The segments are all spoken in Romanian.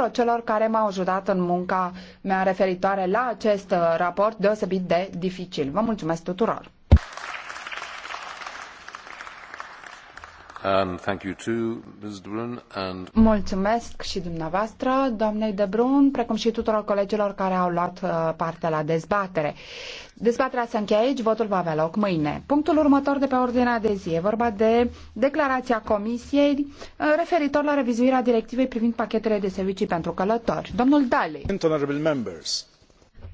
tuturor celor care m-au ajutat în munca mea referitoare la acest uh, raport deosebit de dificil. Vă mulțumesc tuturor! Mulțumesc și dumneavoastră, doamnei de Brun, precum și tuturor colegilor care au luat uh, parte la dezbatere. Dezbaterea se încheie aici, votul va avea loc mâine. Punctul următor de pe ordinea de zi e vorba de declarația Comisiei uh, referitor la revizuirea directivei privind pachetele de servicii pentru călători. Domnul Daly.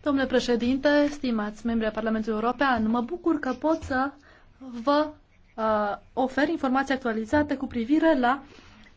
Domnule președinte, stimați membri ai Parlamentului European, mă bucur că pot să vă uh, oferi informații actualizate cu privire la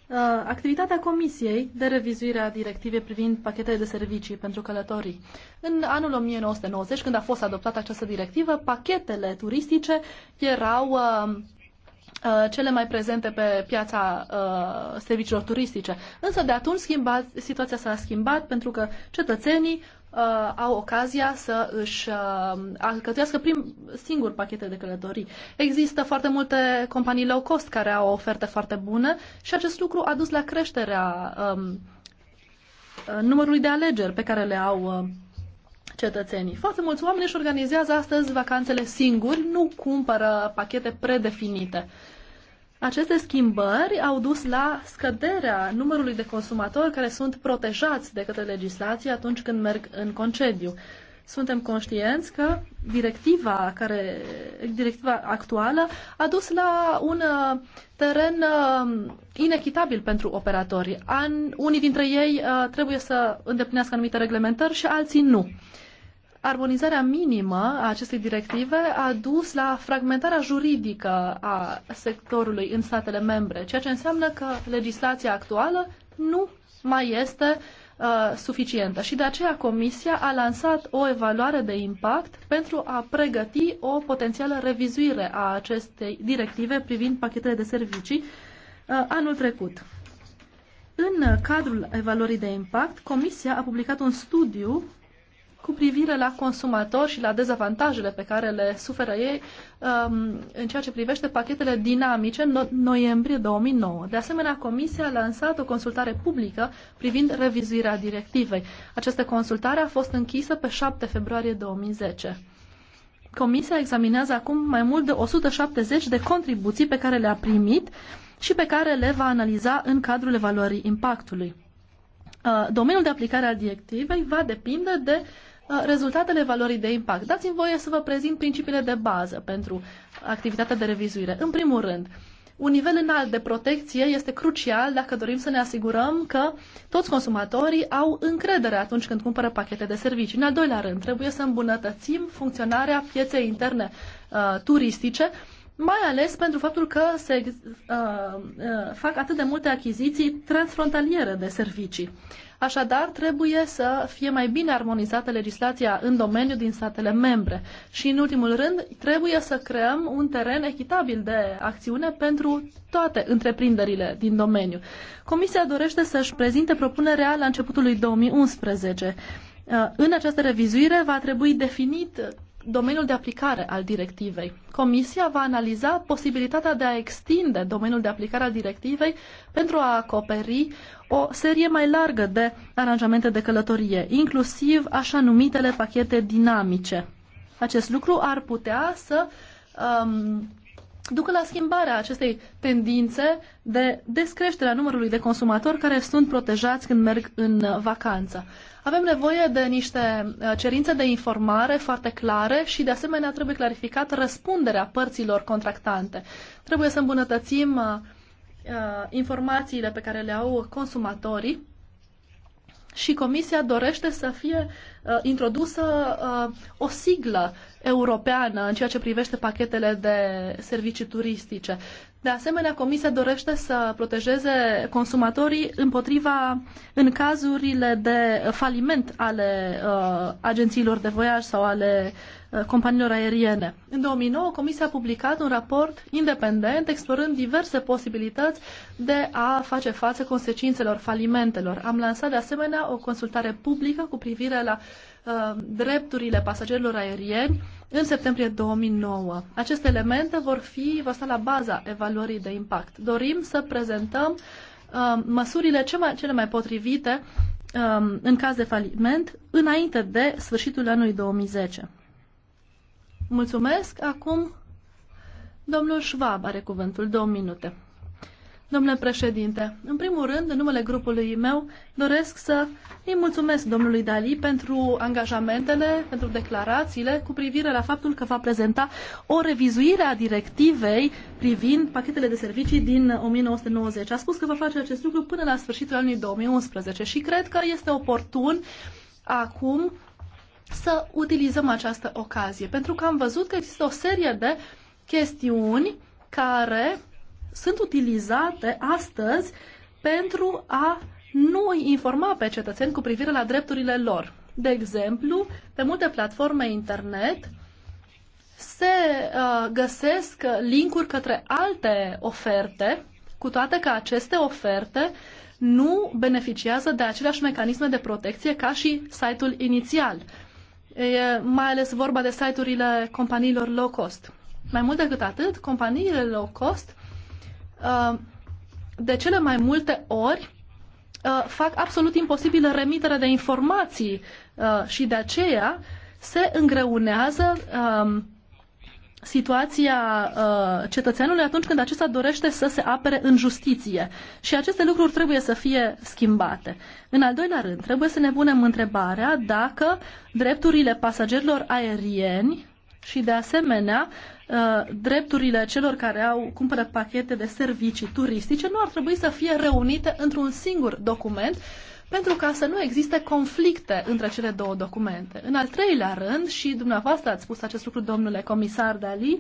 uh, activitatea Comisiei de revizuire a directivei privind pachetele de servicii pentru călătorii. În anul 1990, când a fost adoptată această directivă, pachetele turistice erau uh, uh, cele mai prezente pe piața uh, serviciilor turistice. Însă de atunci schimba, situația s-a schimbat pentru că cetățenii uh, au ocazia să își uh, alcătuiască prim, singur pachete de călătorii. Există foarte multe companii low cost care au oferte foarte bune și acest lucru a dus la creșterea um, uh, numărului de alegeri pe care le au uh, cetățenii. Foarte mulți oameni își organizează astăzi vacanțele singuri, nu cumpără pachete predefinite. Uh, aceste schimbări au dus la scăderea numărului de consumatori care sunt protejați de către legislație atunci când merg în concediu. Suntem conștienți că directiva, care, directiva actuală a dus la un uh, teren uh, inechitabil pentru operatori. unii dintre ei uh, trebuie să îndeplinească anumite reglementări și alții nu armonizarea minimă a acestei directive a dus la fragmentarea juridică a sectorului în statele membre, ceea ce înseamnă că legislația actuală nu mai este uh, suficientă. Și de aceea Comisia a lansat o evaluare de impact pentru a pregăti o potențială revizuire a acestei directive privind pachetele de servicii uh, anul trecut. În cadrul evaluării de impact, Comisia a publicat un studiu cu privire la consumatori și la dezavantajele pe care le suferă ei um, în ceea ce privește pachetele dinamice în noiembrie 2009. De asemenea, Comisia a lansat o consultare publică privind revizuirea directivei. Această consultare a fost închisă pe 7 februarie 2010. Comisia examinează acum mai mult de 170 de contribuții pe care le-a primit și pe care le va analiza în cadrul evaluării impactului uh, domeniul de aplicare al directivei va depinde de Uh, rezultatele valorii de impact. Dați-mi voie să vă prezint principiile de bază pentru activitatea de revizuire. În primul rând, un nivel înalt de protecție este crucial dacă dorim să ne asigurăm că toți consumatorii au încredere atunci când cumpără pachete de servicii. În al doilea rând, trebuie să îmbunătățim funcționarea pieței interne uh, turistice, mai ales pentru faptul că se uh, uh, fac atât de multe achiziții transfrontaliere de servicii. Uh, Așadar, trebuie să fie mai bine armonizată legislația în domeniu din statele membre. Și, în ultimul rând, trebuie să creăm un teren echitabil de acțiune pentru toate întreprinderile din domeniu. Comisia dorește să-și prezinte propunerea la începutul lui 2011. Uh, în această revizuire va trebui definit domeniul de aplicare al directivei. Comisia va analiza posibilitatea de a extinde domeniul de aplicare al directivei pentru a acoperi o serie mai largă de aranjamente de călătorie, inclusiv așa numitele pachete dinamice. Acest lucru ar putea să um, ducă la schimbarea acestei tendințe de descreșterea numărului de consumatori care sunt protejați când merg în uh, vacanță. Avem nevoie de niște uh, cerințe de informare foarte clare și, de asemenea, trebuie clarificat răspunderea părților contractante. Trebuie să îmbunătățim uh, informațiile pe care le au consumatorii și Comisia dorește să fie uh, introdusă uh, o siglă europeană în ceea ce privește pachetele de servicii turistice. De asemenea, Comisia dorește să protejeze consumatorii împotriva în cazurile de faliment ale uh, agențiilor de voiaj sau ale uh, companiilor aeriene. În 2009, Comisia a publicat un raport independent explorând diverse posibilități de a face față consecințelor falimentelor. Am lansat de asemenea o consultare publică cu privire la Uh, drepturile pasagerilor aerieni în septembrie 2009. Aceste elemente vor fi, vor sta la baza evaluării de impact. Dorim să prezentăm uh, măsurile cele mai potrivite um, în caz de faliment înainte de sfârșitul anului 2010. Mulțumesc. Acum domnul Schwab are cuvântul. Două minute. Domnule președinte, în primul rând, în numele grupului meu, doresc să îi mulțumesc domnului Dali pentru angajamentele, pentru declarațiile cu privire la faptul că va prezenta o revizuire a directivei privind pachetele de servicii din 1990. A spus că va face acest lucru până la sfârșitul anului 2011 și cred că este oportun acum să utilizăm această ocazie, pentru că am văzut că există o serie de chestiuni care sunt utilizate astăzi pentru a nu informa pe cetățeni cu privire la drepturile lor. De exemplu, pe multe platforme internet se uh, găsesc linkuri către alte oferte, cu toate că aceste oferte nu beneficiază de aceleași mecanisme de protecție ca și site-ul inițial. E mai ales vorba de site-urile companiilor low cost. Mai mult decât atât, companiile low cost Uh, de cele mai multe ori uh, fac absolut imposibilă remiterea de informații uh, și de aceea se îngreunează um, situația cetățeanului atunci când acesta dorește să se apere în justiție. Și aceste lucruri trebuie să fie schimbate. În al doilea rând, trebuie să ne punem întrebarea dacă drepturile pasagerilor aerieni și de asemenea Uh, drepturile celor care au cumpără pachete de servicii turistice nu ar trebui să fie reunite într-un singur document pentru ca să nu existe conflicte între cele două documente. În al treilea rând, și dumneavoastră ați spus acest lucru, domnule comisar Dali,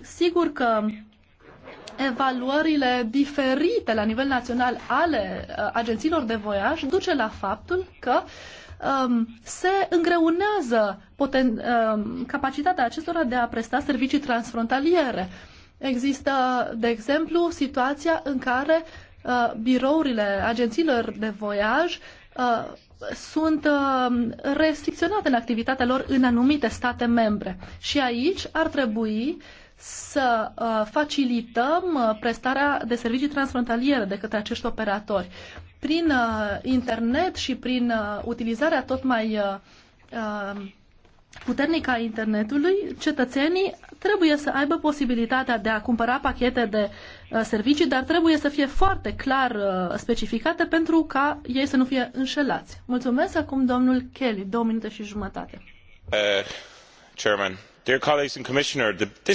sigur că evaluările diferite la nivel național ale uh, agențiilor de voiaj duce la faptul că uh, um, se îngreunează poten, um, capacitatea acestora de a presta servicii transfrontaliere. Există, de exemplu, situația în care uh, birourile agențiilor de voiaj uh, sunt uh, restricționate în activitatea lor în anumite state membre. Și aici ar trebui să uh, facilităm uh, prestarea de servicii transfrontaliere de către acești operatori prin uh, internet și prin uh, utilizarea tot mai uh, puternică a internetului, cetățenii trebuie să aibă posibilitatea de a cumpăra pachete de servicii, dar trebuie să fie foarte clar specificate pentru ca ei să nu fie înșelați. Mulțumesc acum domnul Kelly, două minute și jumătate. Uh, chairman.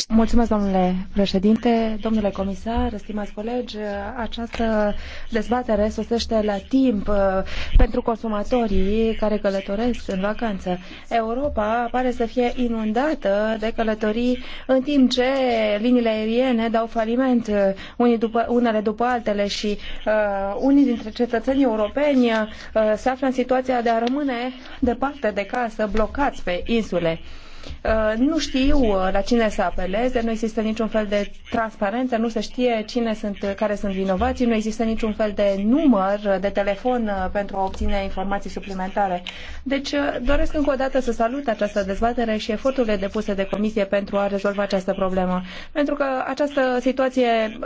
Mulțumesc, domnule președinte, domnule comisar, stimați colegi. Această dezbatere sosește la timp uh, pentru consumatorii care călătoresc în vacanță. Europa pare să fie inundată de călătorii în timp ce liniile aeriene dau faliment uh, unii după, unele după altele și uh, unii dintre cetățenii europeni uh, se află în situația de a rămâne departe de casă, blocați pe insule. Uh, nu știu uh, la cine să apeleze, nu există niciun fel de transparență, nu se știe cine sunt, care sunt vinovații, nu există niciun fel de număr uh, de telefon pentru a obține informații suplimentare. Deci doresc încă o dată să salut această dezbatere și eforturile depuse de comisie pentru a rezolva această problemă, pentru că această situație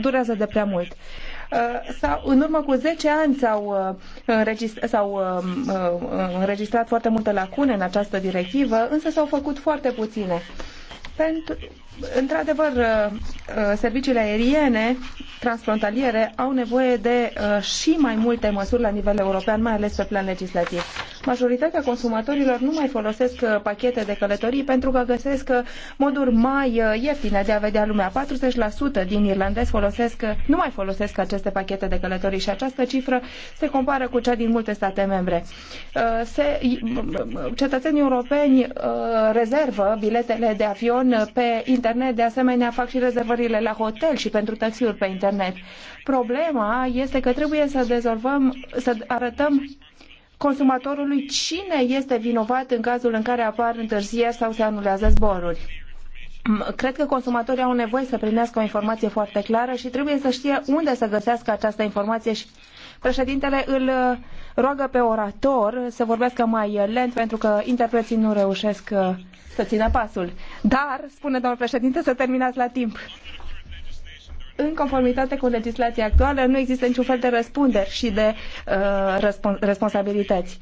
durează de prea mult. Uh, sau, în urmă cu 10 ani s-au, uh, înregistrat, s-au uh, înregistrat foarte multe lacune în această directivă, însă s-au făcut foarte puține. Pentru, Într-adevăr, uh, uh, serviciile aeriene transfrontaliere au nevoie de uh, și mai multe măsuri la nivel european, mai ales pe plan legislativ. Majoritatea consumatorilor nu mai folosesc pachete de călătorii pentru că găsesc moduri mai ieftine de a vedea lumea. 40% din irlandezi folosesc, nu mai folosesc aceste pachete de călătorii și această cifră se compară cu cea din multe state membre. Se, cetățenii europeni rezervă biletele de avion pe internet internet, de asemenea fac și rezervările la hotel și pentru taxiuri pe internet. Problema este că trebuie să dezolvăm, să arătăm consumatorului cine este vinovat în cazul în care apar întârzieri sau se anulează zboruri. Cred că consumatorii au nevoie să primească o informație foarte clară și trebuie să știe unde să găsească această informație și președintele îl roagă pe orator să vorbească mai lent pentru că interpreții nu reușesc uh, să țină pasul. Dar, spune domnul președinte, să terminați la timp. În conformitate cu legislația actuală, nu există niciun fel de răspunderi și de uh, respons responsabilități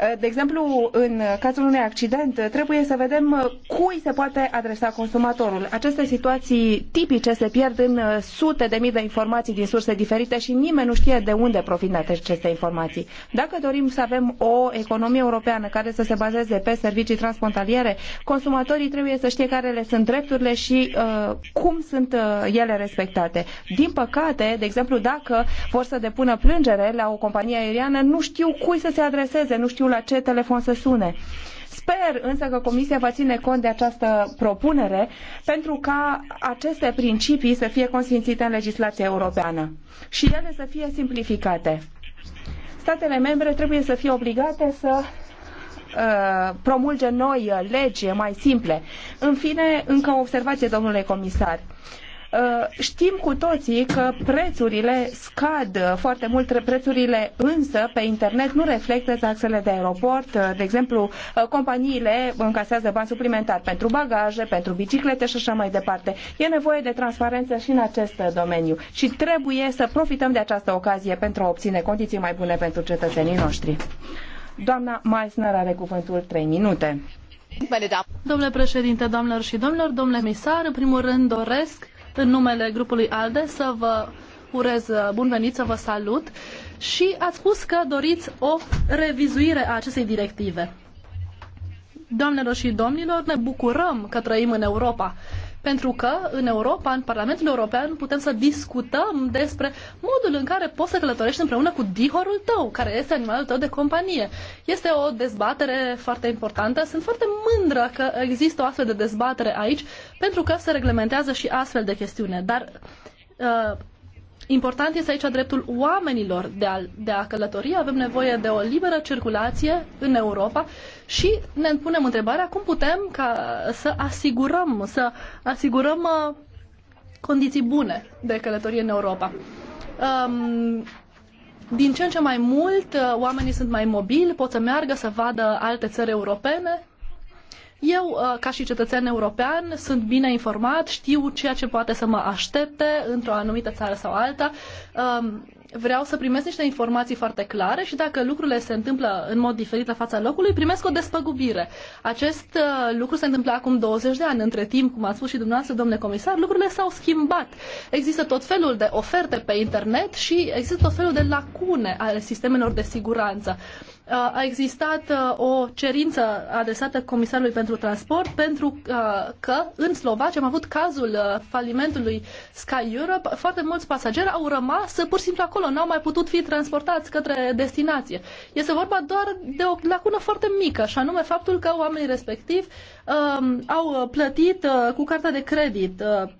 Eh, de exemplu, în cazul unui accident, eh, trebuie să vedem eh, cui se poate adresa consumatorul. Aceste situații tipice se pierd în sute de mii de informații din surse diferite și nimeni nu știe de unde provin aceste informații. Dacă dorim să avem o economie europeană care să se bazeze pe servicii transfrontaliere, consumatorii trebuie să știe care le sunt drepturile și uh, cum sunt uh, ele respectate. Din păcate, de exemplu, dacă vor să depună plângere la o companie aeriană, nu știu cui să se adreseze, nu știu la ce telefon să sune. Sper însă că Comisia va ține cont de această propunere pentru ca aceste principii să fie consfințite în legislația europeană și ele să fie simplificate. Statele membre trebuie să fie obligate să uh, promulge noi legi mai simple. În fine, încă o observație, domnule comisar. Uh, știm cu toții că prețurile scad foarte mult, prețurile însă pe internet nu reflectă taxele de aeroport. Uh, de exemplu, uh, companiile încasează bani suplimentari pentru bagaje, pentru biciclete și așa mai departe. E nevoie de transparență și în acest domeniu și trebuie să profităm de această ocazie pentru a obține condiții mai bune pentru cetățenii noștri. Doamna Meissner are cuvântul 3 minute. Domnule președinte, doamnelor și domnilor, domnule misar, în primul rând doresc în numele grupului ALDE să vă urez uh, bun venit, să vă salut și ați spus că doriți o revizuire a acestei directive. Doamnelor și domnilor, ne bucurăm că trăim în Europa pentru că în Europa, în Parlamentul European, putem să discutăm despre modul în care poți să călătorești împreună cu dihorul tău, care este animalul tău de companie. Este o dezbatere foarte importantă. Sunt foarte mândră că există o astfel de dezbatere aici, pentru că se reglementează și astfel de chestiune. Dar uh, Important este aici dreptul oamenilor de a, de a călători. Avem nevoie de o liberă circulație în Europa și ne punem întrebarea cum putem ca să asigurăm, să asigurăm uh, condiții bune de călătorie în Europa. Um, din ce în ce mai mult, uh, oamenii sunt mai mobili, pot să meargă să vadă alte țări europene, eu, uh, ca și cetățean european, sunt bine informat, știu ceea ce poate să mă aștepte într-o anumită țară sau alta. Um, vreau să primesc niște informații foarte clare și dacă lucrurile se întâmplă în mod diferit la fața locului, primesc o despăgubire. Acest uh, lucru se întâmplă acum 20 de ani. Între timp, cum a spus și dumneavoastră, domnule comisar, lucrurile s-au schimbat. Există tot felul de oferte pe internet și există tot felul de lacune ale sistemelor de siguranță a existat o cerință adresată Comisarului pentru Transport pentru că în Slovacia am avut cazul falimentului Sky Europe. Foarte mulți pasageri au rămas pur și simplu acolo, n-au mai putut fi transportați către destinație. Este vorba doar de o lacună foarte mică, și anume faptul că oamenii respectivi um, au plătit uh, cu cartea de credit uh,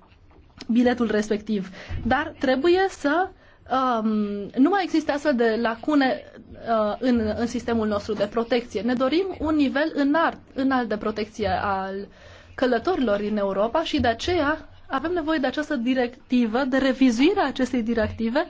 biletul respectiv. Dar trebuie să um, nu mai există astfel de lacune Uh, în, în sistemul nostru de protecție. Ne dorim un nivel înalt, înalt de protecție al călătorilor în Europa și de aceea avem nevoie de această directivă, de revizuirea acestei directive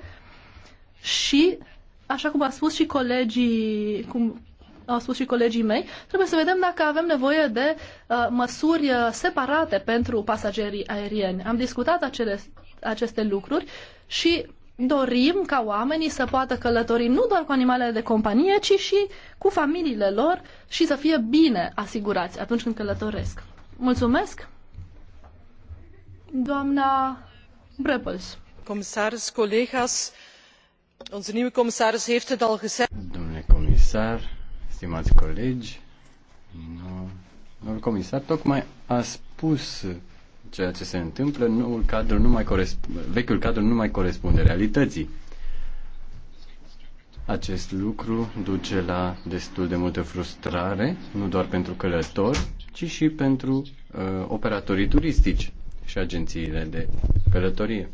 și, așa cum a spus și colegii, cum au spus și colegii mei, trebuie să vedem dacă avem nevoie de uh, măsuri uh, separate pentru pasagerii aerieni. Am discutat acele, aceste lucruri și dorim ca oamenii să poată călători nu doar cu animalele de companie, ci și cu familiile lor și să fie bine asigurați atunci când călătoresc. Mulțumesc! Doamna Brepels. Commissaris, colegas, onze nieuwe commissaris heeft het al gezegd. Domnule comisar, stimați colegi, domnule comisar tocmai a spus ceea ce se întâmplă, noul cadru nu mai corespunde, vechiul cadru nu mai corespunde realității. Acest lucru duce la destul de multă frustrare, nu doar pentru călători, ci și pentru uh, operatorii turistici și agențiile de călătorie.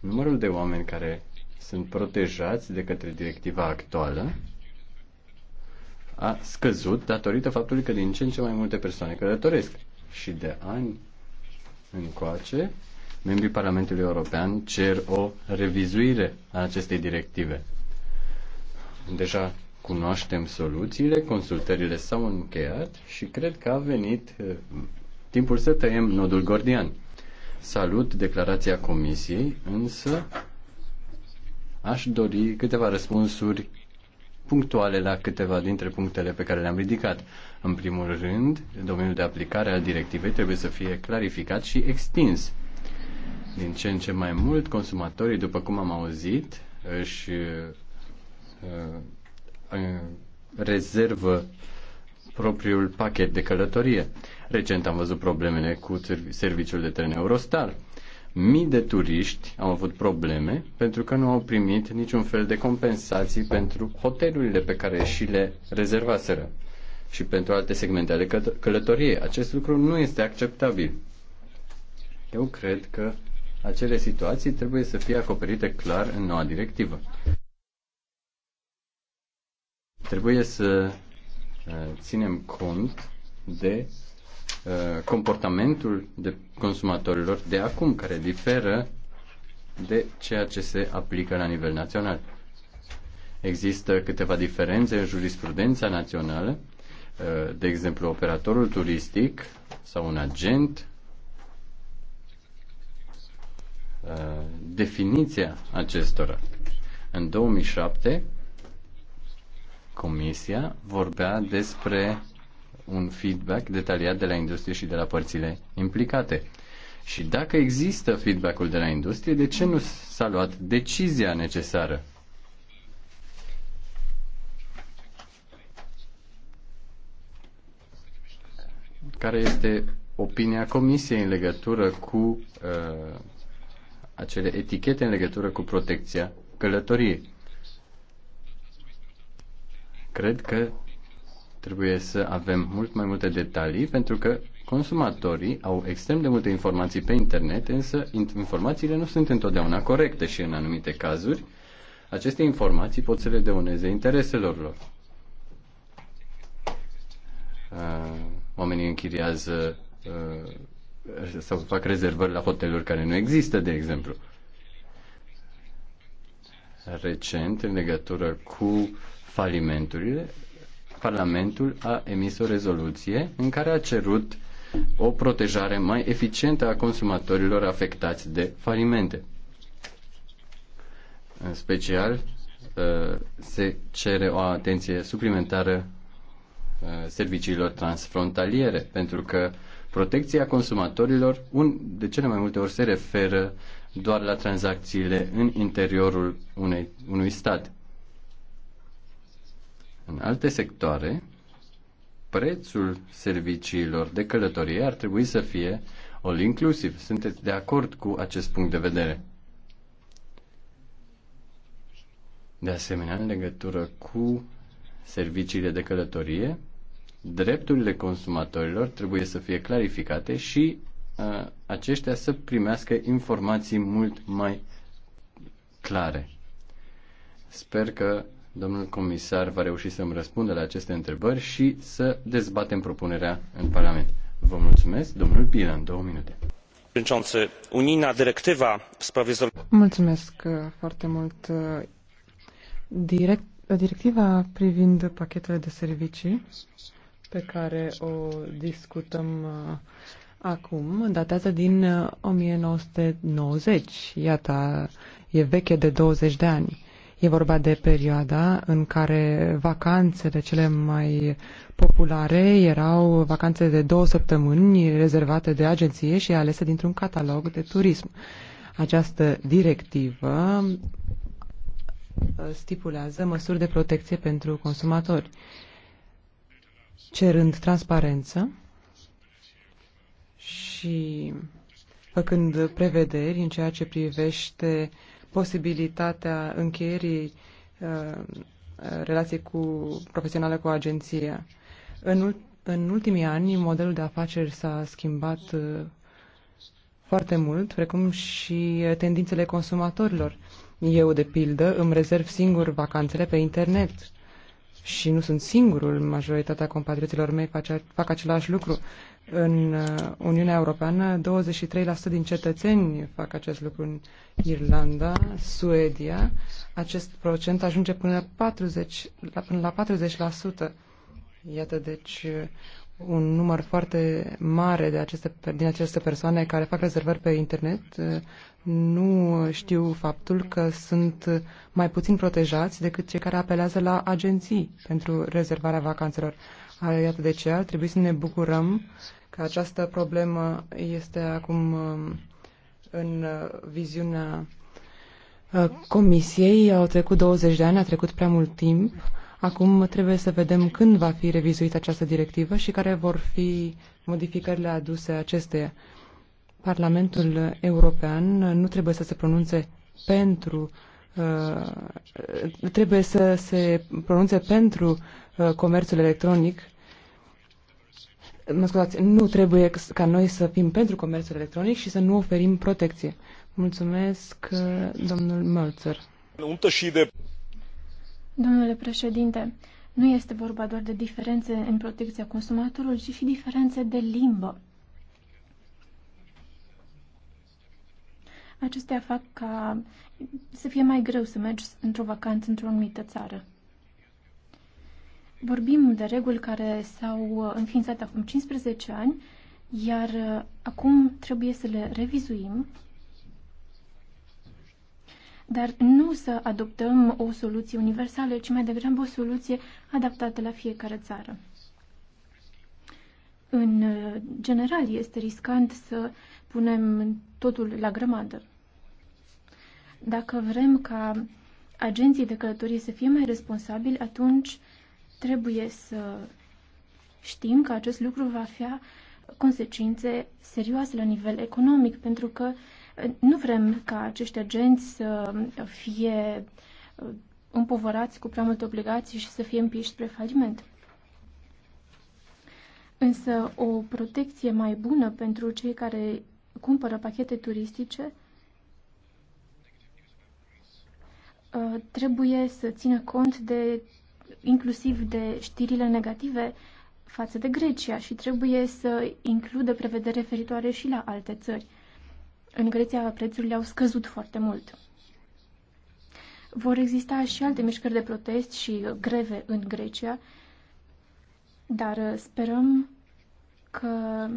Numărul de oameni care sunt protejați de către directiva actuală a scăzut datorită faptului că din ce în ce mai multe persoane călătoresc și de ani încoace, membrii Parlamentului European cer o revizuire a acestei directive. Deja cunoaștem soluțiile, consultările s-au încheiat și cred că a venit eh, timpul să tăiem nodul gordian. Salut declarația Comisiei, însă aș dori câteva răspunsuri punctuale la câteva dintre punctele pe care le-am ridicat. În primul rând, domeniul de aplicare al directivei trebuie să fie clarificat și extins. Din ce în ce mai mult, consumatorii, după cum am auzit, își uh, uh, rezervă propriul pachet de călătorie. Recent am văzut problemele cu serviciul de tren Eurostar Mii de turiști au avut probleme pentru că nu au primit niciun fel de compensații pentru hotelurile pe care și le rezervaseră și pentru alte segmente ale călătoriei. Acest lucru nu este acceptabil. Eu cred că acele situații trebuie să fie acoperite clar în noua directivă. Trebuie să uh, ținem cont de uh, comportamentul de consumatorilor de acum, care diferă de ceea ce se aplică la nivel național. Există câteva diferențe în jurisprudența națională, uh, de exemplu, operatorul turistic sau un agent. Uh, definiția acestora. În 2007, Comisia vorbea despre un feedback detaliat de la industrie și de la părțile implicate. Și dacă există feedback-ul de la industrie, de ce nu s-a luat decizia necesară? Care este opinia Comisiei în legătură cu uh, acele etichete în legătură cu protecția călătoriei? Cred că Trebuie să avem mult mai multe detalii pentru că consumatorii au extrem de multe informații pe internet, însă informațiile nu sunt întotdeauna corecte și în anumite cazuri aceste informații pot să le deuneze intereselor lor. Uh, oamenii închiriază uh, sau fac rezervări la hoteluri care nu există, de exemplu. Recent, în legătură cu falimenturile, Parlamentul a emis o rezoluție în care a cerut o protejare mai eficientă a consumatorilor afectați de falimente. În special, uh, se cere o atenție suplimentară uh, serviciilor transfrontaliere, pentru că protecția consumatorilor un, de cele mai multe ori se referă doar la tranzacțiile în interiorul unei, unui stat. În alte sectoare, prețul serviciilor de călătorie ar trebui să fie all inclusiv. Sunteți de acord cu acest punct de vedere? De asemenea, în legătură cu serviciile de călătorie, drepturile consumatorilor trebuie să fie clarificate și uh, aceștia să primească informații mult mai clare. Sper că domnul comisar va reuși să îmi răspundă la aceste întrebări și să dezbatem propunerea în Parlament. Vă mulțumesc, domnul Bilan, două minute. Unina directiva Mulțumesc uh, foarte mult. Uh, direct, directiva privind pachetele de servicii pe care o discutăm uh, acum datează din 1990. Iată, e veche de 20 de ani E vorba de perioada în care vacanțele cele mai populare erau vacanțe de două săptămâni rezervate de agenție și alese dintr-un catalog de turism. Această directivă uh, stipulează măsuri de protecție pentru consumatori, cerând transparență și făcând prevederi în ceea ce privește uh, posibilitatea încheierii uh, relației cu, profesionale cu agenția. În, în ultimii ani, modelul de afaceri s-a schimbat uh, foarte mult, precum și tendințele consumatorilor. Eu, de pildă, îmi rezerv singur vacanțele pe internet și nu sunt singurul, majoritatea compatrioților mei fac același lucru. În uh, Uniunea Europeană, 23% din cetățeni fac acest lucru în Irlanda, Suedia. Acest procent ajunge până, 40, la, până la 40%. Iată, deci, uh, un număr foarte mare de aceste, din aceste persoane care fac rezervări pe internet uh, nu știu faptul că sunt mai puțin protejați decât cei care apelează la agenții pentru rezervarea vacanțelor. Iată de ce ar trebui să ne bucurăm că această problemă este acum um, în uh, viziunea uh, Comisiei. Au trecut 20 de ani, a trecut prea mult timp. Acum trebuie să vedem când va fi revizuită această directivă și care vor fi modificările aduse acesteia. Parlamentul European nu trebuie să se pronunțe pentru uh, trebuie să se pronunțe pentru comerțul electronic mă scuzați, nu trebuie ca noi să fim pentru comerțul electronic și să nu oferim protecție. Mulțumesc, domnul Mălțăr. Domnule președinte, nu este vorba doar de diferențe în protecția consumatorului, ci și diferențe de limbă. Acestea fac ca să fie mai greu să mergi într-o vacanță într-o anumită țară. Vorbim de reguli care s-au uh, înființat acum 15 ani, iar uh, acum trebuie să le revizuim, dar nu să adoptăm o soluție universală, ci mai degrabă o soluție adaptată la fiecare țară. În uh, general, este riscant să punem totul la grămadă. Dacă vrem ca agenții de călătorie să fie mai responsabili, atunci Trebuie să știm că acest lucru va avea consecințe serioase la nivel economic, pentru că eh, nu vrem ca acești agenți să fie eh, împovărați cu prea multe obligații și să fie împiși spre faliment. Însă o protecție mai bună pentru cei care cumpără pachete turistice eh, trebuie să țină cont de inclusiv de știrile negative față de Grecia și trebuie să includă prevedere referitoare și la alte țări. În Grecia prețurile au scăzut foarte mult. Vor exista și alte mișcări de protest și greve în Grecia, dar uh, sperăm că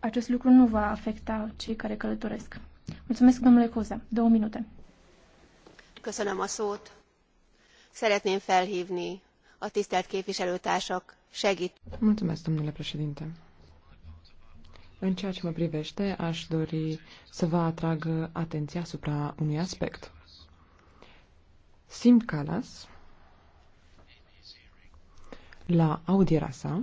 acest lucru nu va afecta cei care călătoresc. Mulțumesc, domnule Coza. Două minute. ne am asut szeretném felhvni a tisztelt képviselőtársak segít. În ceea ce mă privește, aș dori să vă atrag atenția asupra unui aspect. Sim Calas, la audiera sa,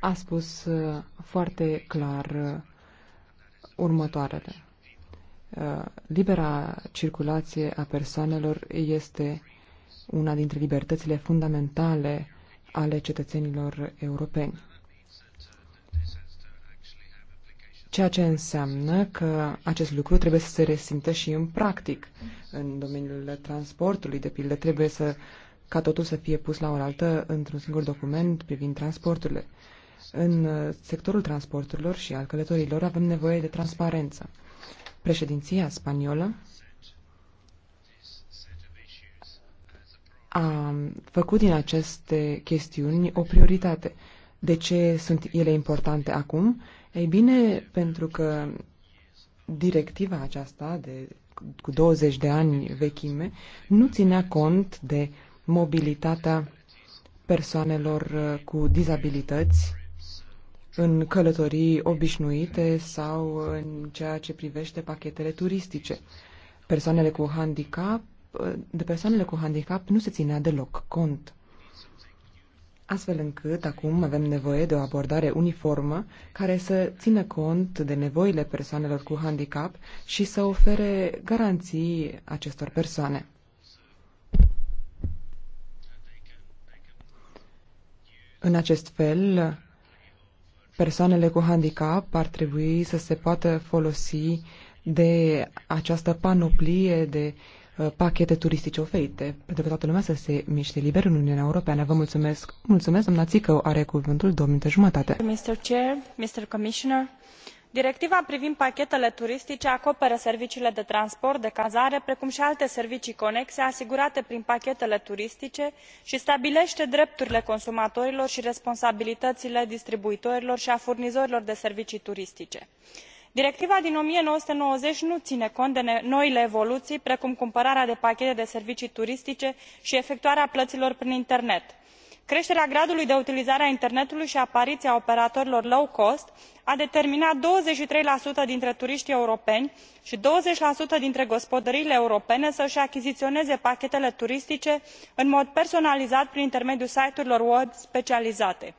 a spus foarte clar următoarele. Uh, libera circulație a persoanelor este una dintre libertățile fundamentale ale cetățenilor europeni. Ceea ce înseamnă că acest lucru trebuie să se resimtă și în practic. În domeniul transportului, de pildă, trebuie să, ca totul să fie pus la oaltă într-un singur document privind transporturile. În uh, sectorul transporturilor și al călătorilor avem nevoie de transparență. Președinția spaniolă a făcut din aceste chestiuni o prioritate. De ce sunt ele importante acum? Ei bine, pentru că directiva aceasta de, cu 20 de ani vechime nu ținea cont de mobilitatea persoanelor uh, cu dizabilități în călătorii obișnuite sau în ceea ce privește pachetele turistice. Persoanele cu handicap, de persoanele cu handicap nu se ținea deloc cont. Astfel încât acum avem nevoie de o abordare uniformă care să țină cont de nevoile persoanelor cu handicap și să ofere garanții acestor persoane. În acest fel, persoanele cu handicap ar trebui să se poată folosi de această panoplie de uh, pachete turistice oferite, pentru că toată lumea să se miște liber în Uniunea Europeană. Vă mulțumesc. Mulțumesc, doamna Țicău are cuvântul două minute jumătate. Mr. Chair, Mr. Commissioner, directiva privind pachetele turistice acoperă serviciile de transport de cazare precum i alte servicii conexe asigurate prin pachetele turistice i stabilete drepturile consumatorilor i responsabilităile distribuitorilor i ale furnizorilor de servicii turistice. directiva din o mie nouă sute nouăzeci nu ine cont de noile evoluii precum cumpărarea de pachete de servicii turistice i efectuarea plăilor prin internet creterea gradului de utilizare a internetului i apariia operatorilor low cost a determinat douăzeci și trei dintre turitii europeni i douăzeci dintre gospodăriile europene să îi achiziioneze pachetele turistice în mod personalizat prin intermediul site urilor web specializate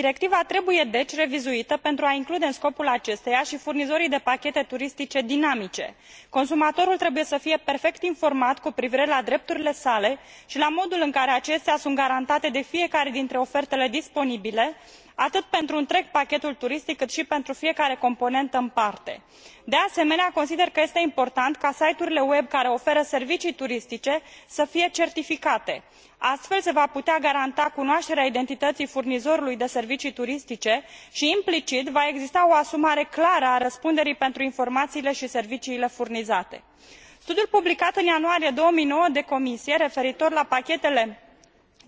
directiva trebuie deci revizuită pentru a include în scopul acesteia i furnizorii de pachete turistice dinamice. consumatorul trebuie să fie perfect informat cu privire la drepturile sale i la modul în care acestea sunt garantate de fiecare dintre ofertele disponibile i atât pentru întreg pachetul turistic cât i pentru fiecare componentă în parte. de asemenea consider că este important ca site urile web care oferă servicii turistice să fie certificate astfel se va putea garanta cunoaterea identităii furnizorului de servicii turistice i implicit va exista o asumare clară a răspunderii pentru informaiile i serviciile furnizate. studiul publicat în ianuarie două mii nouă de comisie referitor la pachetele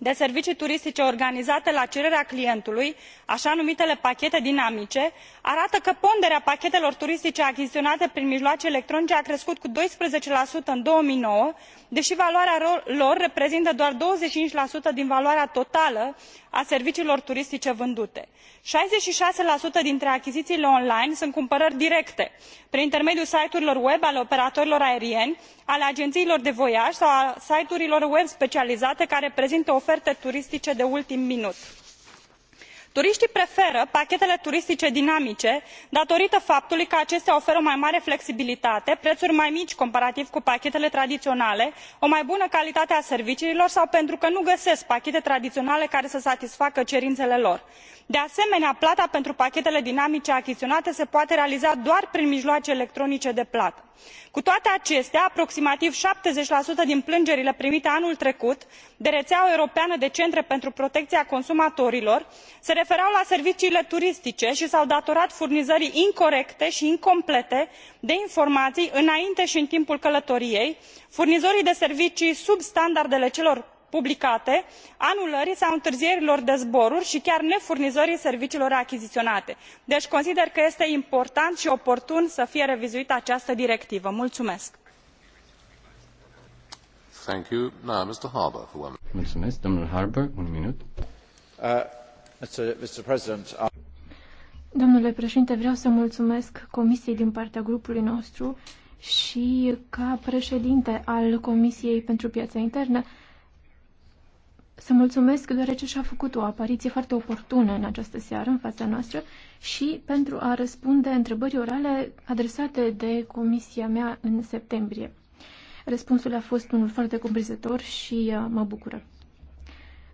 de servicii turistice organizate la cererea clientului aa numitele pachete dinamice arată că ponderea pachetelor turistice achiziionate prin mijloace electronice a crescut cu doisprezece în două mii nouă dei valoarea lor reprezintă doar douăzeci și cinci din valoarea totală a a serviciilor turistice vândute. șaizeci și șase dintre achiziiile online sunt cumpărări directe prin intermediul site urilor web ale operatorilor aerieni ale ageniilor de voiaj sau a site urilor web specializate care prezintă oferte turistice de ultim minut turitii preferă pachetele turistice dinamice datorită faptului că acestea oferă o mai mare flexibilitate preuri mai mici comparativ cu pachetele tradiionale o mai bună calitate a serviciilor sau pentru că nu găsesc pachete tradiionale care să satisfacă cerinele lor. de asemenea plata pentru pachetele dinamice achiziionate se poate realiza doar prin mijloace electronice de plată cu toate acestea aproximativ șaptezeci din plângerile primite anul trecut de reeaua europeană de centre pentru protecia consumatorilor se refereau la serviciile turistice i s au datorat furnizării incorecte i incomplete de informaii înainte i în timpul călătoriei furnizorii de servicii sub standardele celor publicate anulării sau întârzierilor de zboruri i chiar nefurnizării serviciilor achiziionate. deci consider că este important i oportun să fie revizuită această directivă. Uh, uh, Domnule președinte, vreau să mulțumesc Comisiei din partea grupului nostru și ca președinte al Comisiei pentru piaa Internă să mulțumesc deoarece și-a făcut o apariție foarte oportună în această seară în fața noastră și pentru a răspunde întrebării orale adresate de comisia mea în septembrie. Răspunsul a fost unul foarte cumprizător și uh, mă bucură.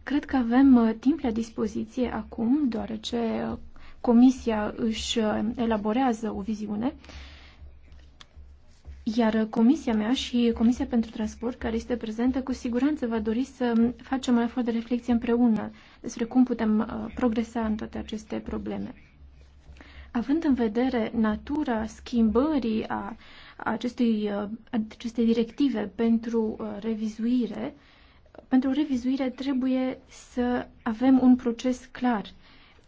Cred că avem uh, timp la dispoziție acum, deoarece uh, comisia își elaborează o viziune iar comisia mea și Comisia pentru Transport, care este prezentă, cu siguranță va dori să facem un efort de reflexie împreună despre cum putem uh, progresa în toate aceste probleme. Având în vedere natura schimbării a acestui, uh, acestei directive pentru uh, revizuire, pentru revizuire trebuie să avem un proces clar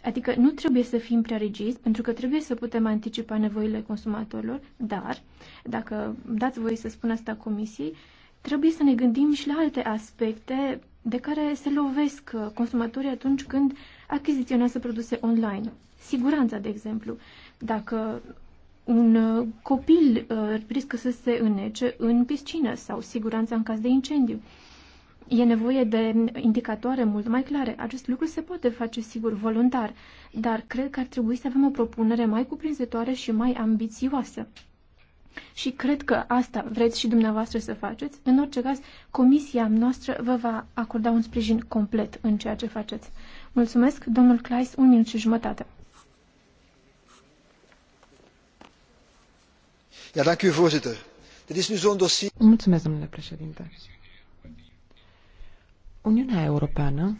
Adică nu trebuie să fim prea rigizi, pentru că trebuie să putem anticipa nevoile consumatorilor, dar, dacă dați voi să spun asta comisiei, trebuie să ne gândim și la alte aspecte de care se lovesc uh, consumatorii atunci când achiziționează produse online. Siguranța, de exemplu. Dacă un uh, copil uh, riscă să se înnece în piscină sau siguranța în caz de incendiu. E nevoie de indicatoare mult mai clare. Acest lucru se poate face, sigur, voluntar, dar cred că ar trebui să avem o propunere mai cuprinzătoare și mai ambițioasă. Și cred că asta vreți și dumneavoastră să faceți. În orice caz, comisia noastră vă va acorda un sprijin complet în ceea ce faceți. Mulțumesc, domnul Kleis, un minut și jumătate. Ja, Mulțumesc, domnule președinte. Uniunea Europeană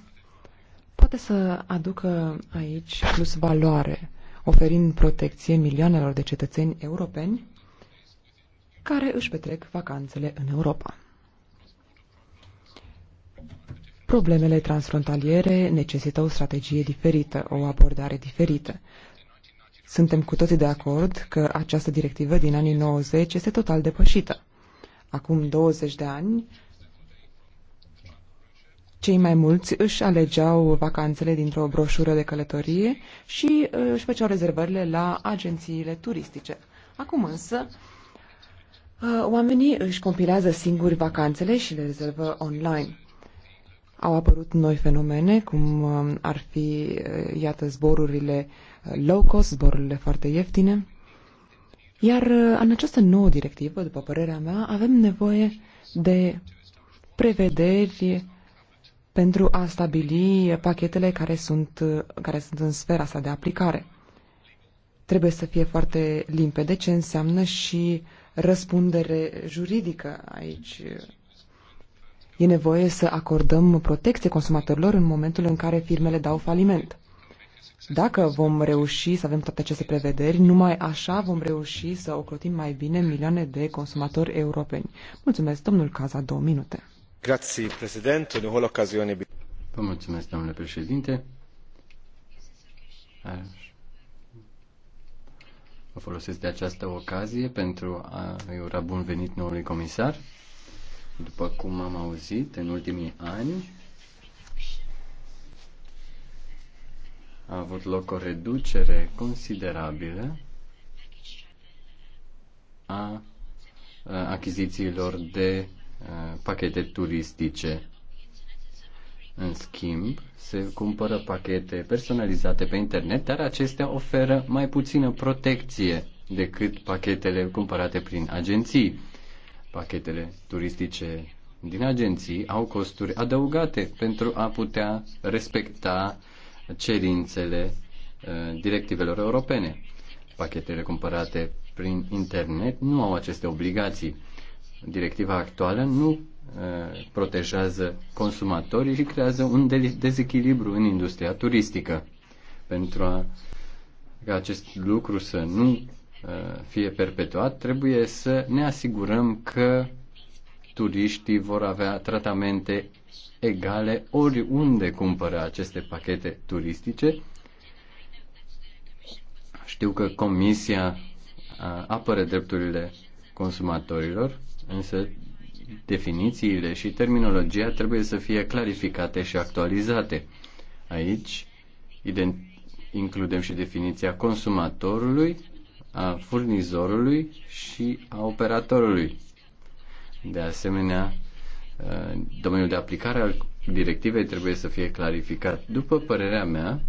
poate să aducă aici plus valoare, oferind protecție milioanelor de cetățeni europeni care își petrec vacanțele în Europa. Problemele transfrontaliere necesită o strategie diferită, o abordare diferită. Suntem cu toții de acord că această directivă din anii 90 este total depășită. Acum 20 de ani, cei mai mulți își alegeau vacanțele dintr-o broșură de călătorie și uh, își făceau rezervările la agențiile turistice. Acum însă, uh, oamenii își compilează singuri vacanțele și le rezervă online. Au apărut noi fenomene, cum uh, ar fi, iată, zborurile low cost, zborurile foarte ieftine. Iar în această nouă directivă, după părerea mea, avem nevoie de prevederi pentru a stabili pachetele care sunt, care sunt în sfera asta de aplicare. Trebuie să fie foarte limpede ce înseamnă și răspundere juridică aici. E nevoie să acordăm protecție consumatorilor în momentul în care firmele dau faliment. Dacă vom reuși să avem toate aceste prevederi, numai așa vom reuși să ocrotim mai bine milioane de consumatori europeni. Mulțumesc, domnul Caza, două minute. Vă mulțumesc, domnule președinte. Vă folosesc de această ocazie pentru a îi ura bun venit noului comisar. După cum am auzit în ultimii ani, a avut loc o reducere considerabilă a achizițiilor de Uh, pachete turistice. În schimb, se cumpără pachete personalizate pe internet, dar acestea oferă mai puțină protecție decât pachetele cumpărate prin agenții. Pachetele turistice din agenții au costuri adăugate pentru a putea respecta cerințele uh, directivelor europene. Pachetele cumpărate prin internet nu au aceste obligații. Directiva actuală nu uh, protejează consumatorii și creează un dezechilibru în industria turistică. Pentru a, ca acest lucru să nu uh, fie perpetuat, trebuie să ne asigurăm că turiștii vor avea tratamente egale oriunde cumpără aceste pachete turistice. Știu că Comisia uh, apără drepturile consumatorilor Însă definițiile și terminologia trebuie să fie clarificate și actualizate. Aici includem și definiția consumatorului, a furnizorului și a operatorului. De asemenea, ă, domeniul de aplicare al directivei trebuie să fie clarificat. După părerea mea,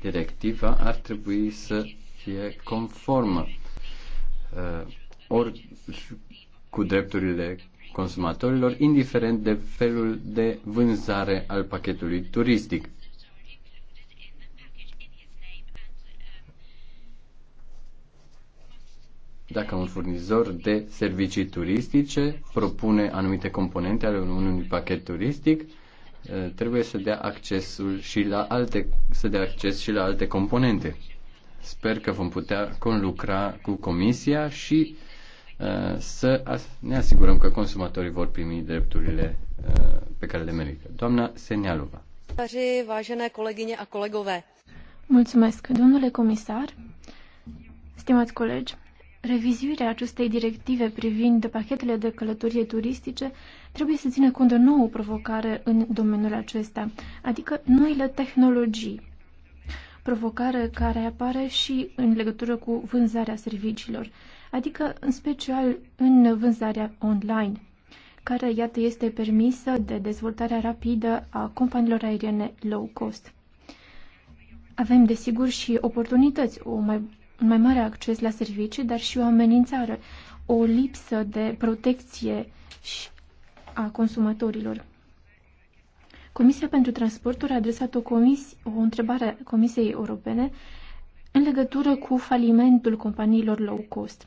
directiva ar trebui să fie conformă. Ă, Ori cu drepturile consumatorilor, indiferent de felul de vânzare al pachetului turistic. Dacă un furnizor de servicii turistice propune anumite componente ale unui pachet turistic, eh, trebuie să dea accesul și la alte, să dea acces și la alte componente. Sper că vom putea conlucra cu Comisia și uh, Uh, să ne asigurăm că consumatorii vor primi drepturile uh, pe care le merită. Doamna Senialova. Păi, vážené kolegyně a kolegové. Mulțumesc, domnule comisar. Stimați colegi, revizuirea acestei directive privind pachetele de călătorie turistice trebuie să țină cont de o nouă provocare în domeniul acesta, adică noile tehnologii. Provocare care apare și în legătură cu vânzarea serviciilor adică în special în vânzarea online, care, iată, este permisă de dezvoltarea rapidă a companiilor aeriene low cost. Avem, desigur, și oportunități, o mai, un mai mare acces la servicii, dar și o amenințare, o lipsă de protecție a consumatorilor. Comisia pentru Transporturi a adresat o, comis, o întrebare Comisiei Europene în legătură cu falimentul companiilor low cost.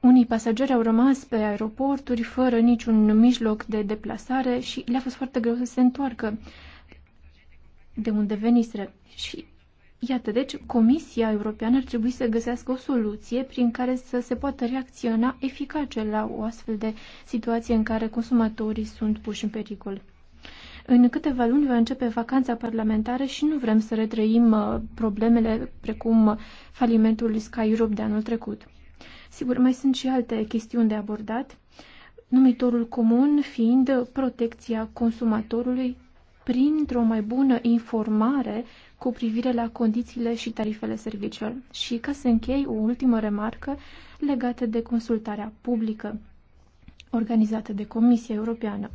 Unii pasageri au rămas pe aeroporturi fără niciun mijloc de deplasare și le-a fost foarte greu să se întoarcă de unde veniseră. Și iată, deci, Comisia Europeană ar trebui să găsească o soluție prin care să se poată reacționa eficace la o astfel de situație în care consumatorii sunt puși în pericol. În câteva luni va începe vacanța parlamentară și nu vrem să retrăim uh, problemele precum falimentul Sky Europe de anul trecut. Sigur, mai sunt și alte chestiuni de abordat, numitorul comun fiind protecția consumatorului printr-o mai bună informare cu privire la condițiile și tarifele serviciilor. Și ca să închei o ultimă remarcă legată de consultarea publică organizată de Comisia Europeană.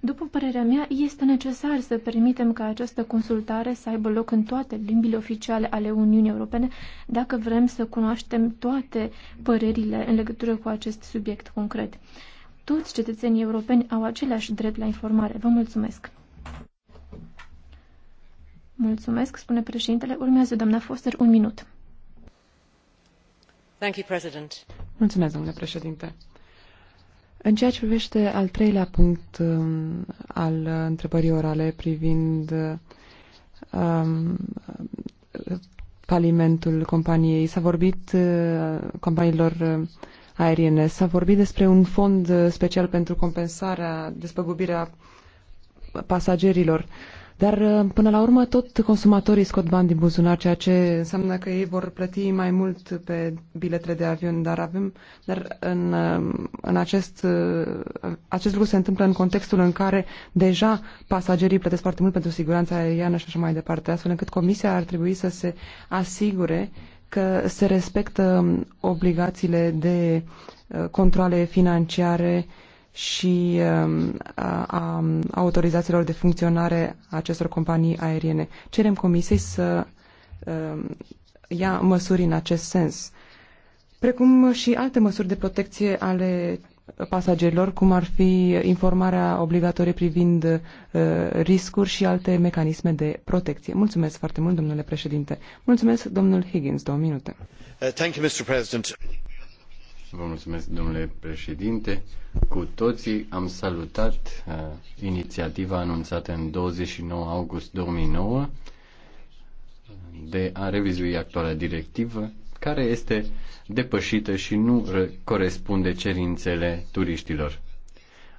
După părerea mea, este necesar să permitem ca această consultare să aibă loc în toate limbile oficiale ale Uniunii Europene, dacă vrem să cunoaștem toate părerile în legătură cu acest subiect concret. Toți cetățenii europeni au același drept la informare. Vă mulțumesc! Mulțumesc, spune președintele. Urmează doamna Foster un minut. Mulțumesc, domnule președinte. În ceea ce privește al treilea punct um, al întrebării orale privind um, falimentul companiei, s-a vorbit uh, companiilor aeriene, s-a vorbit despre un fond special pentru compensarea, despăgubirea pasagerilor. Uh, dar uh, până la urmă tot consumatorii scot bani din buzunar, ceea ce înseamnă că ei vor plăti mai mult pe biletele de avion, dar avem dar în, uh, în acest, uh, acest lucru se întâmplă în contextul în care deja pasagerii plătesc foarte mult pentru siguranța aeriană și așa mai departe, astfel încât comisia ar trebui să se asigure că se respectă um, obligațiile de controle financiare și um, a autorizațiilor de funcționare a acestor companii aeriene. Cerem Comisiei să um, ia măsuri în acest sens, precum și alte măsuri de protecție ale pasagerilor, cum ar fi informarea obligatorie privind uh, riscuri și alte mecanisme de protecție. Mulțumesc foarte mult, domnule președinte. Mulțumesc, domnul Higgins, două minute. Uh, thank you, Mr. President. Vă mulțumesc, domnule președinte. Cu toții am salutat uh, inițiativa anunțată în 29 august 2009 de a revizui actuala directivă, care este depășită și nu corespunde cerințele turiștilor.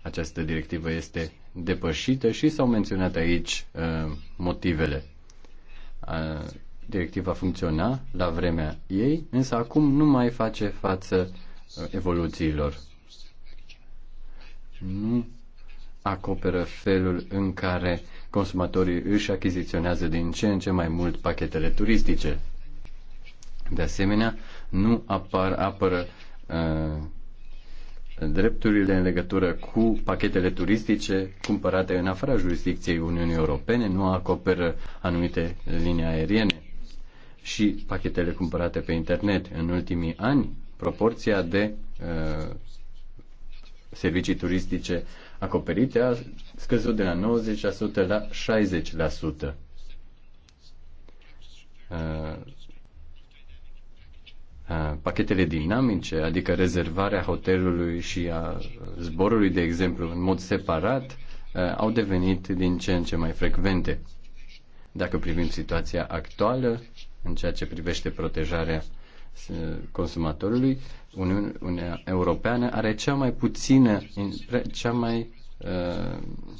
Această directivă este depășită și s-au menționat aici uh, motivele. Uh, directiva funcționa la vremea ei, însă acum nu mai face față evoluțiilor. Nu acoperă felul în care consumatorii își achiziționează din ce în ce mai mult pachetele turistice. De asemenea, nu apar, apără uh, drepturile în legătură cu pachetele turistice cumpărate în afara jurisdicției Uniunii Europene, nu acoperă anumite linii aeriene și pachetele cumpărate pe internet. În ultimii ani, proporția de uh, servicii turistice acoperite a scăzut de la 90% la 60%. Uh, uh, pachetele dinamice, adică rezervarea hotelului și a zborului, de exemplu, în mod separat, uh, au devenit din ce în ce mai frecvente. Dacă privim situația actuală, în ceea ce privește protejarea consumatorului, Uniunea Europeană are cea mai puțină, cea mai uh,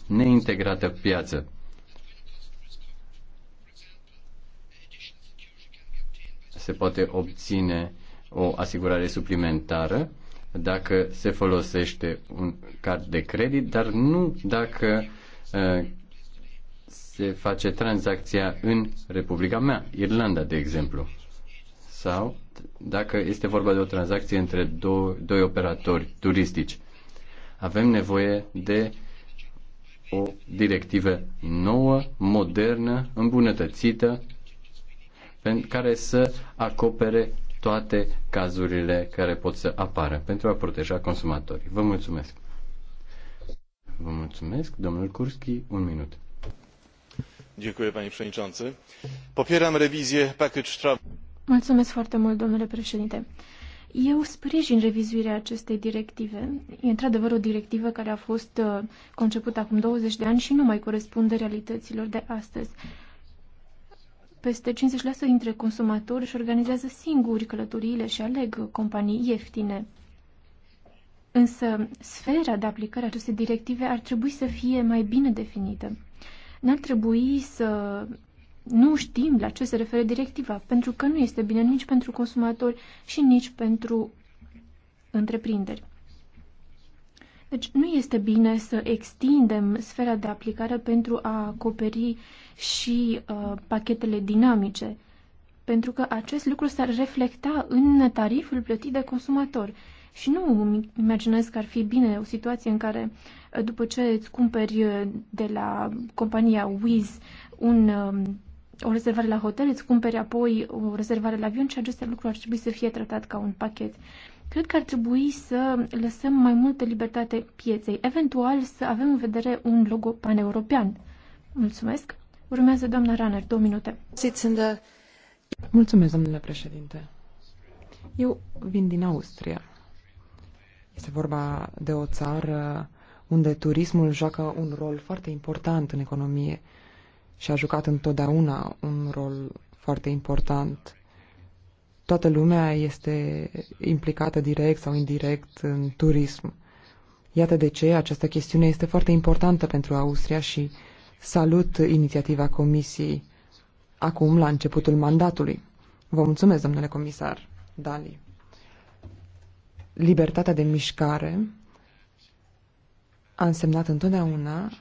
neintegrată piață. Se poate obține o asigurare suplimentară dacă se folosește un card de credit, dar nu dacă uh, se face tranzacția în Republica mea, Irlanda, de exemplu sau dacă este vorba de o tranzacție între două, doi operatori turistici. Avem nevoie de o directivă nouă, modernă, îmbunătățită, care să acopere toate cazurile care pot să apară pentru a proteja consumatorii. Vă mulțumesc! Vă mulțumesc, domnul Kurski, un minut. Dziękuję panie przewodniczący. Popieram rewizję package travel. Mulțumesc foarte mult, domnule președinte. Eu sprijin revizuirea acestei directive. E într-adevăr o directivă care a fost uh, concepută acum 20 de ani și nu mai corespunde realităților de astăzi. Peste 50% dintre consumatori își organizează singuri călătoriile și aleg companii ieftine. Însă, sfera de aplicare a acestei directive ar trebui să fie mai bine definită. N-ar trebui să nu știm la ce se referă directiva, pentru că nu este bine nici pentru consumatori și nici pentru întreprinderi. Deci nu este bine să extindem sfera de aplicare pentru a acoperi și uh, pachetele dinamice, pentru că acest lucru s-ar reflecta în tariful plătit de consumator. Și nu imaginez că ar fi bine o situație în care, uh, după ce îți cumperi uh, de la compania Wiz un um, o rezervare la hotel, îți cumperi apoi o rezervare la avion și aceste lucruri ar trebui să fie tratat ca un pachet. Cred că ar trebui să lăsăm mai multă libertate pieței, eventual să avem în vedere un logo paneuropean. Mulțumesc. Urmează doamna Runner, două minute. Mulțumesc, domnule președinte. Eu vin din Austria. Este vorba de o țară unde turismul joacă un rol foarte important în economie și a jucat întotdeauna un rol foarte important. Toată lumea este implicată direct sau indirect în turism. Iată de ce această chestiune este foarte importantă pentru Austria și salut inițiativa Comisiei acum, la începutul mandatului. Vă mulțumesc, domnule comisar Dali. Libertatea de mișcare a însemnat întotdeauna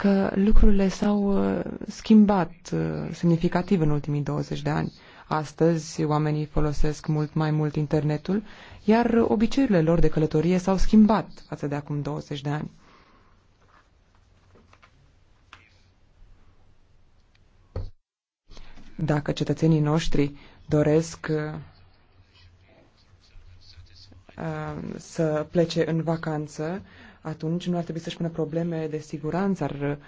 că lucrurile s-au uh, schimbat uh, semnificativ în ultimii 20 de ani. Astăzi oamenii folosesc mult mai mult internetul, iar obiceiurile lor de călătorie s-au schimbat față de acum 20 de ani. Dacă cetățenii noștri doresc uh, să plece în vacanță, atunci nu ar trebui să-și pună probleme de siguranță, ar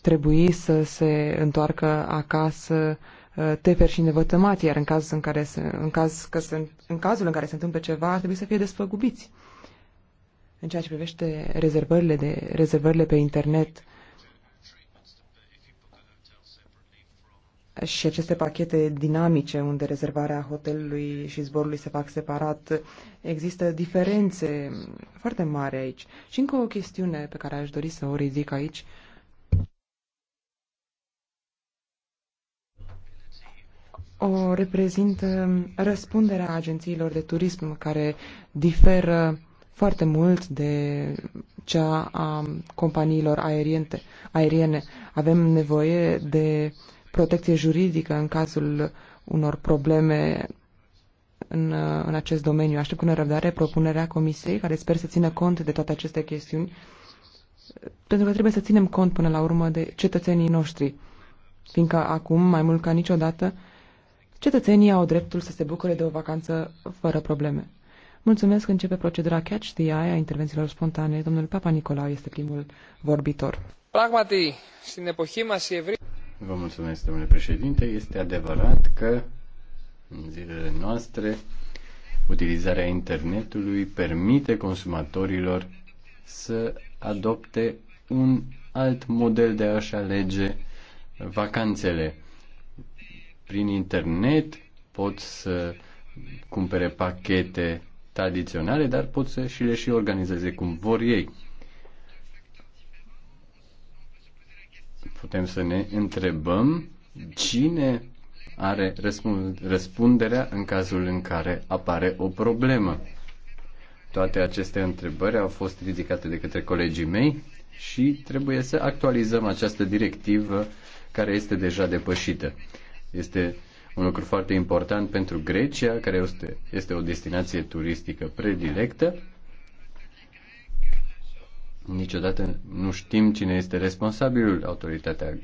trebui să se întoarcă acasă uh, teferi și nevătămați, iar în, caz în, care se, în, caz că se, în cazul în care se întâmplă ceva, ar trebui să fie desfăgubiți. În ceea ce privește rezervările, de, rezervările pe internet, și aceste pachete dinamice unde rezervarea hotelului și zborului se fac separat, există diferențe foarte mari aici. Și încă o chestiune pe care aș dori să o ridic aici. O reprezintă um, răspunderea agențiilor de turism care diferă foarte mult de cea a companiilor aeriente, aeriene. Avem nevoie de uh, protecție juridică în cazul unor probleme în, în acest domeniu. Aștept cu nerăbdare propunerea Comisiei, care sper să țină cont de toate aceste chestiuni, pentru că trebuie să ținem cont până la urmă de cetățenii noștri, fiindcă acum, mai mult ca niciodată, cetățenii au dreptul să se bucure de o vacanță fără probleme. Mulțumesc, începe procedura Catch the Eye a intervențiilor spontane. Domnul Papa Nicolau este primul vorbitor. Pragmatii στην εποχή μας Vă mulțumesc, domnule președinte. Este adevărat că în zilele noastre utilizarea internetului permite consumatorilor să adopte un alt model de a-și alege vacanțele. Prin internet pot să cumpere pachete tradiționale, dar pot să și le și organizeze cum vor ei. putem să ne întrebăm cine are răspunderea în cazul în care apare o problemă. Toate aceste întrebări au fost ridicate de către colegii mei și trebuie să actualizăm această directivă care este deja depășită. Este un lucru foarte important pentru Grecia, care este, este o destinație turistică predilectă Niciodată nu știm cine este responsabilul, autoritatea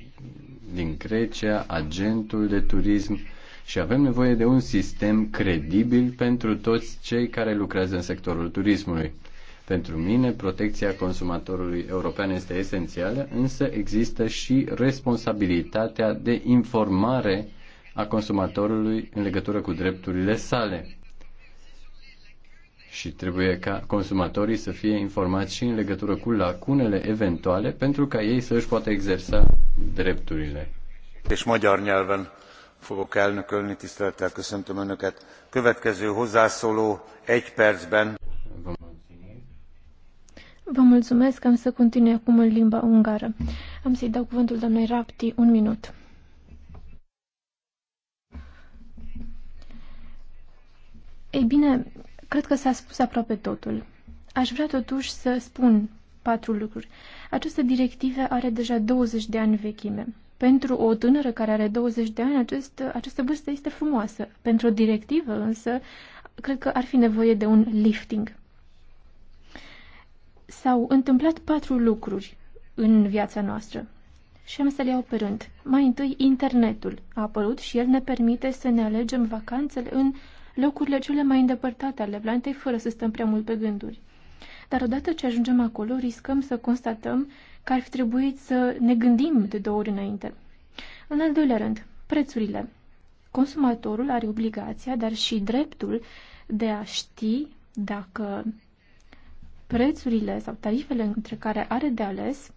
din Grecia, agentul de turism și avem nevoie de un sistem credibil pentru toți cei care lucrează în sectorul turismului. Pentru mine, protecția consumatorului european este esențială, însă există și responsabilitatea de informare a consumatorului în legătură cu drepturile sale și trebuie ca consumatorii să fie informați și în legătură cu lacunele eventuale pentru ca ei să își poată exersa drepturile. És magyar nyelven fogok elnökölni, tisztelettel köszöntöm Önöket. Következő hozzászóló egy percben. Vă mulțumesc, am să continui acum în limba ungară. Am să-i dau cuvântul doamnei Rapti un minut. Ei bine, Cred că s-a spus aproape totul. Aș vrea totuși să spun patru lucruri. Această directivă are deja 20 de ani vechime. Pentru o tânără care are 20 de ani, acest, această vârstă este frumoasă. Pentru o directivă, însă, cred că ar fi nevoie de un lifting. S-au întâmplat patru lucruri în viața noastră și am să le iau pe rând. Mai întâi, internetul a apărut și el ne permite să ne alegem vacanțele în locurile cele mai îndepărtate ale planetei, fără să stăm prea mult pe gânduri. Dar odată ce ajungem acolo, riscăm să constatăm că ar fi trebuit să ne gândim de două ori înainte. În al doilea rând, prețurile. Consumatorul are obligația, dar și dreptul de a ști dacă prețurile sau tarifele între care are de ales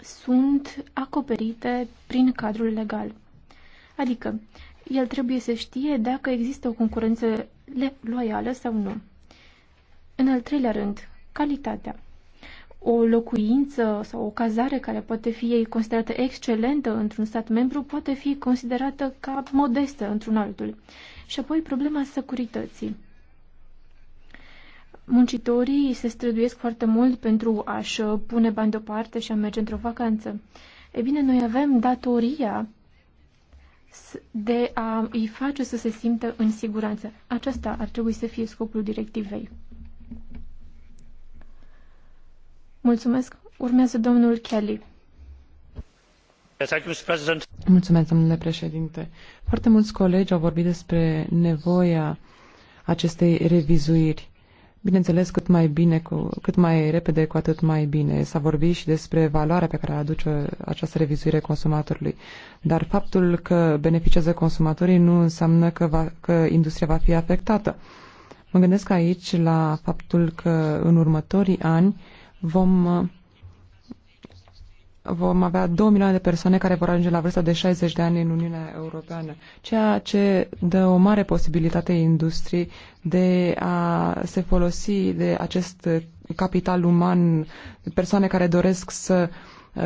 sunt acoperite prin cadrul legal. Adică, el trebuie să știe dacă există o concurență loială sau nu. În al treilea rând, calitatea. O locuință sau o cazare care poate fi considerată excelentă într-un stat membru poate fi considerată ca modestă într-un altul. Și apoi problema securității. Muncitorii se străduiesc foarte mult pentru a-și pune bani deoparte și a merge într-o vacanță. E bine, noi avem datoria de a îi face să se simtă în siguranță. Aceasta ar trebui să fie scopul directivei. Mulțumesc. Urmează domnul Kelly. Mulțumesc, domnule președinte. Foarte mulți colegi au vorbit despre nevoia acestei revizuiri. Bineînțeles, cât mai bine, cu, cât mai repede, cu atât mai bine. S-a vorbit și despre valoarea pe care aduce această revizuire consumatorului. Dar faptul că beneficiază consumatorii nu înseamnă că, va, că industria va fi afectată. Mă gândesc aici la faptul că în următorii ani vom vom avea 2 milioane de persoane care vor ajunge la vârsta de 60 de ani în Uniunea Europeană, ceea ce dă o mare posibilitate industriei de a se folosi de acest capital uman, persoane care doresc să uh,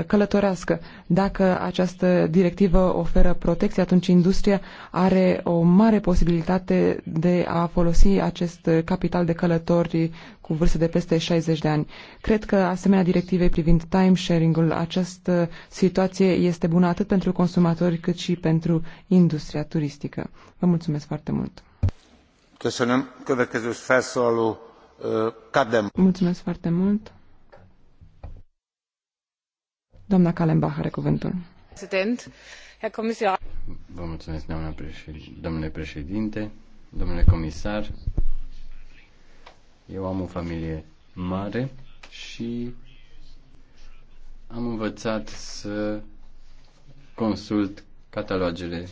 călătorească. Dacă această directivă oferă protecție, atunci industria are o mare posibilitate de a folosi acest capital de călători cu vârste de peste 60 de ani. Cred că asemenea directive privind timesharing-ul, această situație este bună atât pentru consumatori cât și pentru industria turistică. Vă mulțumesc foarte mult! Mulțumesc foarte mult! Doamna Kallenbach are cuvântul. Prezident, Herr Comisar. Vă mulțumesc, doamna președinte, domnule președinte, domnule comisar. Eu am o familie mare și am învățat să consult catalogele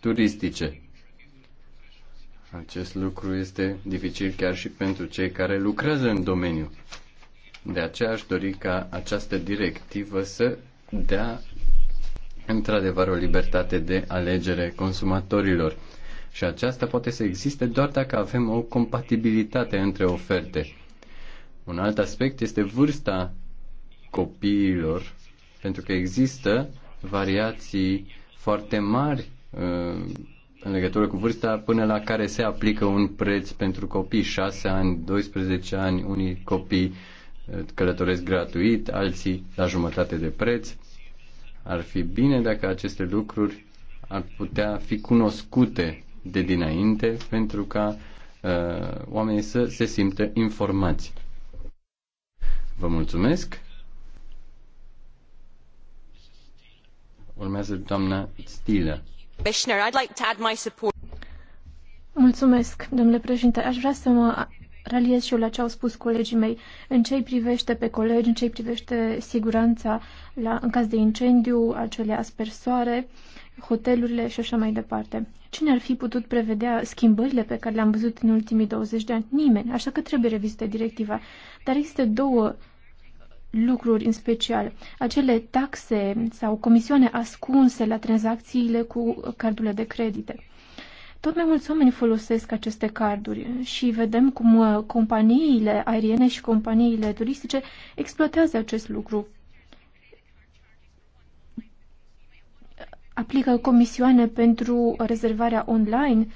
turistice. Acest lucru este dificil chiar și pentru cei care lucrează în domeniu. De aceea aș dori ca această directivă să dea într-adevăr o libertate de alegere consumatorilor. Și aceasta poate să existe doar dacă avem o compatibilitate între oferte. Un alt aspect este vârsta copiilor, pentru că există variații foarte mari uh, în legătură cu vârsta până la care se aplică un preț pentru copii, 6 ani, 12 ani, unii copii călătoresc gratuit, alții la jumătate de preț. Ar fi bine dacă aceste lucruri ar putea fi cunoscute de dinainte pentru ca uh, oamenii să se simtă informați. Vă mulțumesc. Urmează doamna Stila. I'd like to add my support. Mulțumesc, domnule președinte. Aș vrea să mă raliez și eu la ce au spus colegii mei în ce privește pe colegi, în ce privește siguranța la, în caz de incendiu, acele aspersoare, hotelurile și așa mai departe. Cine ar fi putut prevedea schimbările pe care le-am văzut în ultimii 20 de ani? Nimeni, așa că trebuie revizită directiva. Dar există două lucruri în special. Acele taxe sau comisioane ascunse la tranzacțiile cu cardurile de credite. Tot mai mulți oameni folosesc aceste carduri și vedem cum uh, companiile aeriene și companiile turistice exploatează acest lucru. Aplică comisioane pentru rezervarea online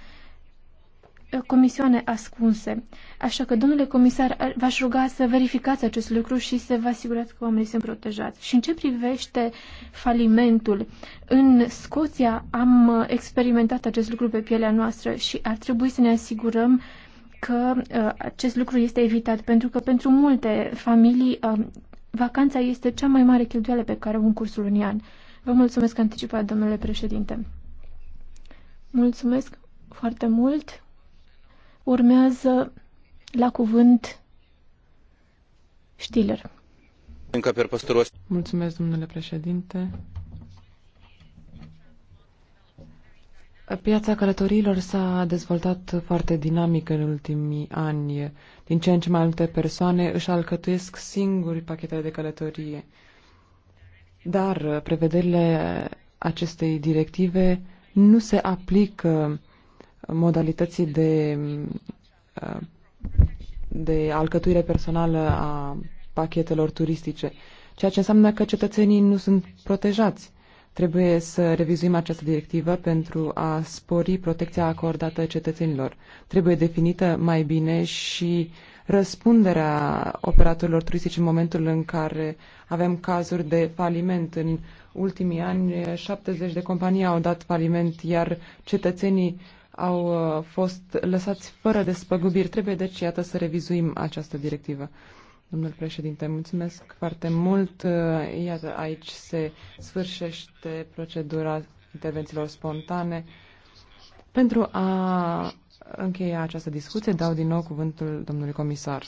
comisioane ascunse. Așa că, domnule comisar, v-aș ruga să verificați acest lucru și să vă asigurați că oamenii sunt protejați. Și în ce privește falimentul, în Scoția am uh, experimentat acest lucru pe pielea noastră și ar trebui să ne asigurăm că uh, acest lucru este evitat, pentru că pentru multe familii uh, vacanța este cea mai mare cheltuială pe care o în cursul unui an. Vă mulțumesc anticipat, domnule președinte. Mulțumesc foarte mult. Urmează la cuvânt Stiller. Mulțumesc, domnule președinte. Piața călătorilor s-a dezvoltat foarte dinamic în ultimii ani. Din ce în ce mai multe persoane își alcătuiesc singuri pachetele de călătorie. Dar prevederile acestei directive nu se aplică modalității de, de alcătuire personală a pachetelor turistice, ceea ce înseamnă că cetățenii nu sunt protejați. Trebuie să revizuim această directivă pentru a spori protecția acordată cetățenilor. Trebuie definită mai bine și răspunderea operatorilor turistici în momentul în care avem cazuri de faliment. În ultimii ani, 70 de companii au dat faliment, iar cetățenii au uh, fost lăsați fără despăgubiri. Trebuie deci, iată, să revizuim această directivă. Domnul președinte, mulțumesc foarte mult. Uh, iată, aici se sfârșește procedura intervențiilor spontane. Pentru a încheia această discuție, dau din nou cuvântul domnului comisar.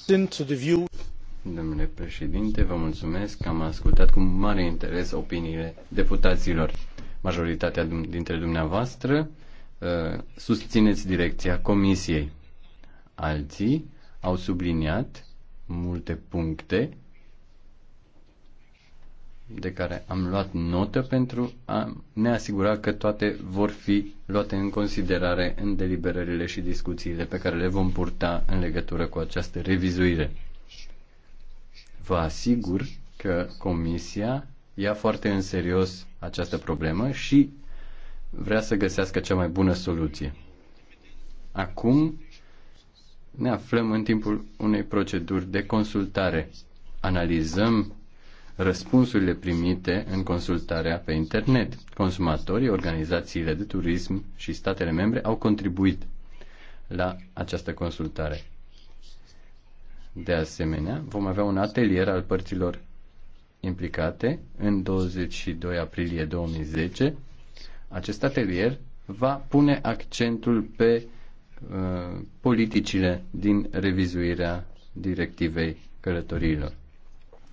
Domnule președinte, vă mulțumesc că am ascultat cu mare interes opiniile deputaților. Majoritatea dintre dumneavoastră Uh, susțineți direcția comisiei. Alții au subliniat multe puncte de care am luat notă pentru a ne asigura că toate vor fi luate în considerare în deliberările și discuțiile pe care le vom purta în legătură cu această revizuire. Vă asigur că Comisia ia foarte în serios această problemă și vrea să găsească cea mai bună soluție. Acum ne aflăm în timpul unei proceduri de consultare. Analizăm răspunsurile primite în consultarea pe internet. Consumatorii, organizațiile de turism și statele membre au contribuit la această consultare. De asemenea, vom avea un atelier al părților implicate în 22 aprilie 2010 acest atelier va pune accentul pe uh, politicile din revizuirea directivei călătoriilor,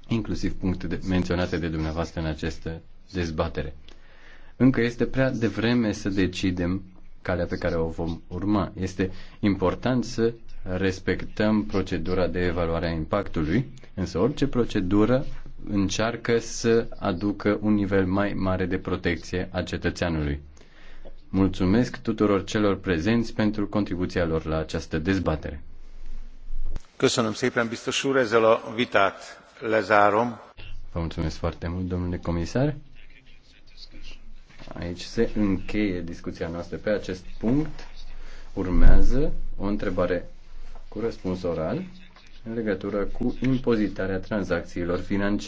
inclusiv puncte de, menționate de dumneavoastră în această dezbatere. Încă este prea devreme să decidem calea pe care o vom urma. Este important să respectăm procedura de evaluare a impactului, însă orice procedură încearcă să aducă un nivel mai mare de protecție a cetățeanului. Mulțumesc tuturor celor prezenți pentru contribuția lor la această dezbatere. Köszönöm szépen, biztos úr, ezzel a vitát lezárom. Vă mulțumesc foarte mult, domnule comisar. Aici se încheie discuția noastră pe acest punct. Urmează o întrebare cu răspuns oral în legătură cu impozitarea tranzacțiilor financiare.